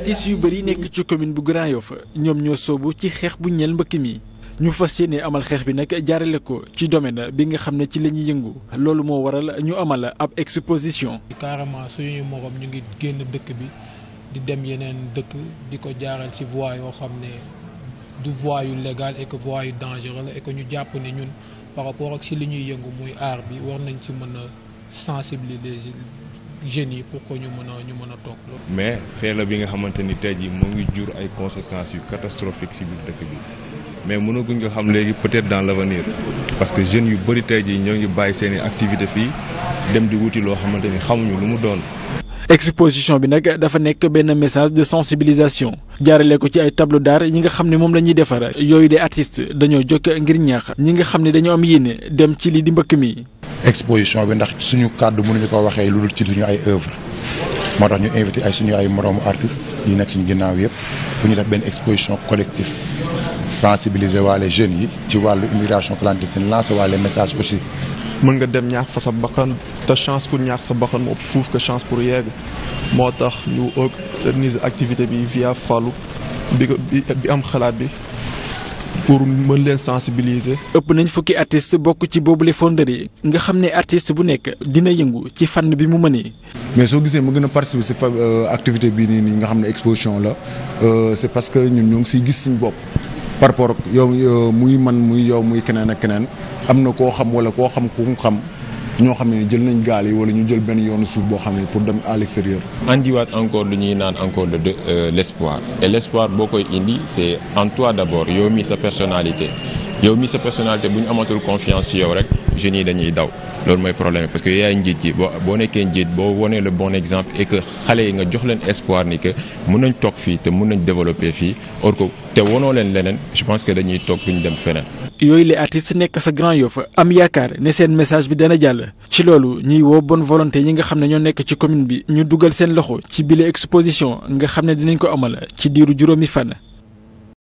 artistes yu bëri nekk ci commune bu Grand Yoff ñoom ñoo soobu ci xeex bu ñeel mbëkk mi ñu fas ne amal xeex bi nag jaarale ko ci domaine bi nga xam ne ci la ñuy yëngu loolu moo waral ñu amala ab exposition. carrément suñu morom ñu ngi génn dëkk bi di dem yeneen dëkk di ko jaaral ci voie yoo xam ne du voie yu légal et que voie yu dangereux la et ñu jàpp ne ñun par rapport ak ci li ñuy yëngu muy aar bi war nañ ci mën a sensibiliser. jeunes yi pour mën a ñu mën a toog mais fee la bi nga xamante ni tey jii mu ngi jur ay conséquences yu catastrophiques si biir dëkk bi mais mënaguñ nga xam léegi peut-être dans l'avenir parce que jeunes yu bëri tey jii ñoo ngi bàyyi seen activité fii dem di wuti loo xamante ni xamuñu lu mu doon. exposition bi nag dafa nekk benn message de sensibilisation jaarale ko ci ay tableau d'art ñi nga xam ne moom la ñuy defar yooyu de artistes dañoo jokk ngir ñax ñi nga xam ne dañoo am yéene dem ci li di mbëkk mi. exposition bi ndax suñu kàddu ñu ko waxee lu dul ci suñu ay œuvre moo tax ñu invité ay suñu ay moroomu artistes yi nekk suñu ginnaaw yëpp bu ñu def benn exposition collective sensibiliser waale jeunes yi ci wàllu immigration clandestine lancer waale message aussi. mën nga dem ñaax fa sa bakkan te chance pour ñaax sa bakkan moo fuuf ko chance pour yegg moo tax ñu organiser activité bi via Fallou bi bi am xalaat bi. pour mën leen sensibiliser. ëpp nañ fukki artiste bokk ci boobu boobule fonderie nga xam ne artist bu nekk dina yëngu ci fànn bi mu mënee. mais soo gisee mu gën a participer si euh, activité bii nii nii nga xam ne exposition la euh, c'est parce que ñun ñoo ngi siy gis suñu bopp. par rapport yow euh, muy man muy yow muy keneen a keneen am na koo xam wala koo xam ku xam. ñoo xam ne jël nañ gaal yi wala ñu jël benn yoonu suuf boo xam ne pour dem à l'extérieur. andiwaat encore lu ñuy naan encore de de euh, l'espoir et l'espoir boo koy indi c'est en toi d'abord yow mi sa personnalité. yow mi sa personnalité bu ñu amatul confiance ci yow rek jeunes yi dañuy daw loolu mooy problème parce que yaay njiit ji boo boo nekkee njiit boo wonee le bon exemple et que xale yi nga jox leen espoir ni que mën nañ toog fii te mën nañ développer fii or ko te wonoo leen leneen je pense que dañuy toog ñu dem feneen. yooyu les si nekk sa Grand Yoff am yaakaar ne seen message bi dana jàll ci loolu ñuy woo bonne volonté ñi nga xam ne ñoo nekk ci commune bi ñu dugal seen loxo ci bile exposition nga xam ne dinañ ko amal ci diiru juróomi fan.